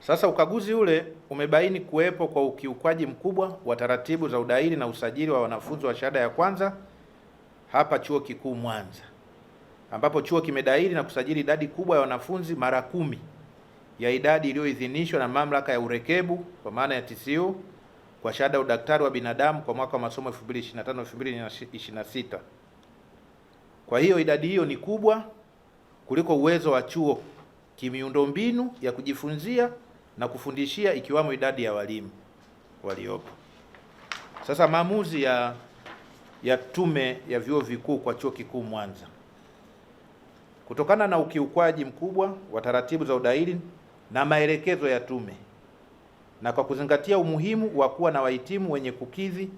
Sasa ukaguzi ule umebaini kuwepo kwa ukiukwaji mkubwa wa taratibu za udahili na usajili wa wanafunzi wa shahada ya kwanza hapa Chuo Kikuu Mwanza, ambapo chuo kimedahili na kusajili idadi kubwa ya wanafunzi mara kumi ya idadi iliyoidhinishwa na mamlaka ya urekebu kwa maana ya TCU kwa shahada ya udaktari wa binadamu kwa mwaka wa masomo 2025 2026. Kwa hiyo idadi hiyo ni kubwa kuliko uwezo wa chuo kimiundombinu ya kujifunzia na kufundishia ikiwamo idadi ya walimu waliopo. Sasa maamuzi ya, ya tume ya vyuo vikuu kwa chuo kikuu Mwanza kutokana na ukiukwaji mkubwa wa taratibu za udahili na maelekezo ya tume na kwa kuzingatia umuhimu wa kuwa na wahitimu wenye kukidhi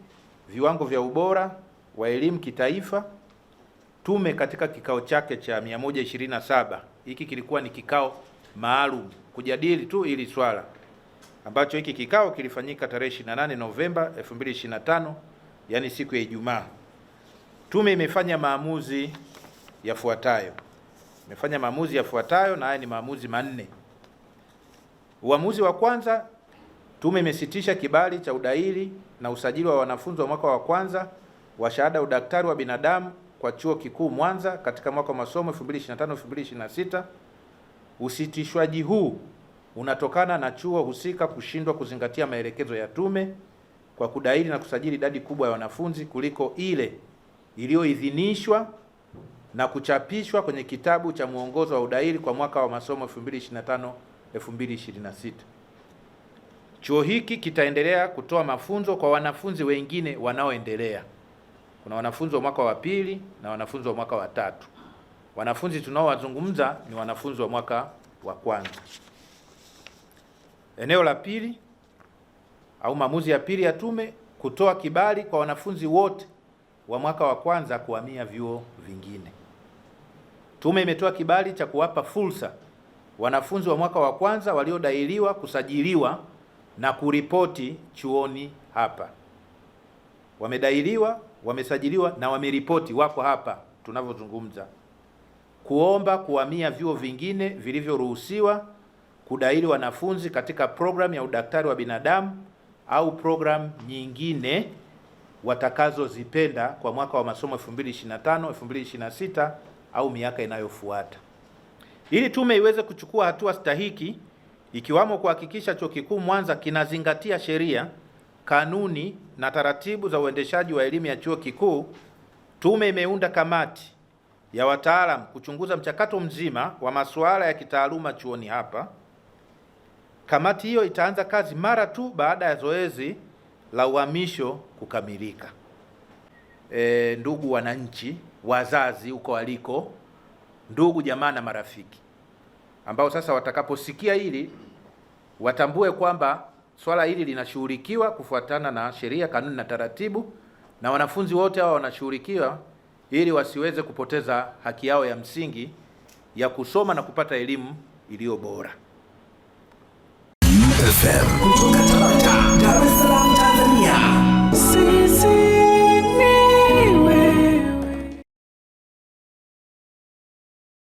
viwango vya ubora wa elimu kitaifa, tume katika kikao chake cha 127 hiki kilikuwa ni kikao maalum kujadili tu ili swala ambacho hiki kikao kilifanyika tarehe 28 Novemba 2025, yani siku ya Ijumaa. Tume imefanya maamuzi yafuatayo, imefanya maamuzi yafuatayo, na haya ni maamuzi manne. Uamuzi wa kwanza, tume imesitisha kibali cha udahili na usajili wa wanafunzi wa mwaka wa kwanza wa shahada ya udaktari wa binadamu kwa Chuo Kikuu Mwanza katika mwaka wa masomo 2025 2026 Usitishwaji huu unatokana na chuo husika kushindwa kuzingatia maelekezo ya tume kwa kudaili na kusajili idadi kubwa ya wanafunzi kuliko ile iliyoidhinishwa na kuchapishwa kwenye kitabu cha mwongozo wa udaili kwa mwaka wa masomo 2025 2026. Chuo hiki kitaendelea kutoa mafunzo kwa wanafunzi wengine wanaoendelea. Kuna wanafunzi wa mwaka wa pili na wanafunzi wa mwaka wa tatu. Wanafunzi tunaowazungumza ni wanafunzi wa mwaka wa kwanza. Eneo la pili au maamuzi ya pili ya tume kutoa kibali kwa wanafunzi wote wa mwaka wa kwanza kuhamia vyuo vingine. Tume imetoa kibali cha kuwapa fursa wanafunzi wa mwaka wa kwanza waliodailiwa kusajiliwa na kuripoti chuoni hapa. Wamedailiwa, wamesajiliwa na wameripoti, wako hapa tunavyozungumza kuomba kuhamia vyuo vingine vilivyoruhusiwa kudaili wanafunzi katika programu ya udaktari wa binadamu au programu nyingine watakazozipenda kwa mwaka wa masomo 2025 2026 au miaka inayofuata, ili tume iweze kuchukua hatua stahiki ikiwamo kuhakikisha Chuo Kikuu Mwanza kinazingatia sheria, kanuni na taratibu za uendeshaji wa elimu ya chuo kikuu. Tume imeunda kamati ya wataalamu kuchunguza mchakato mzima wa masuala ya kitaaluma chuoni hapa. Kamati hiyo itaanza kazi mara tu baada ya zoezi la uhamisho kukamilika. E, ndugu wananchi, wazazi huko waliko, ndugu jamaa na marafiki ambao sasa watakaposikia hili watambue kwamba swala hili linashughulikiwa kufuatana na sheria, kanuni na taratibu, na wanafunzi wote hawa wanashughulikiwa ili wasiweze kupoteza haki yao ya msingi ya kusoma na kupata elimu iliyo bora. FM.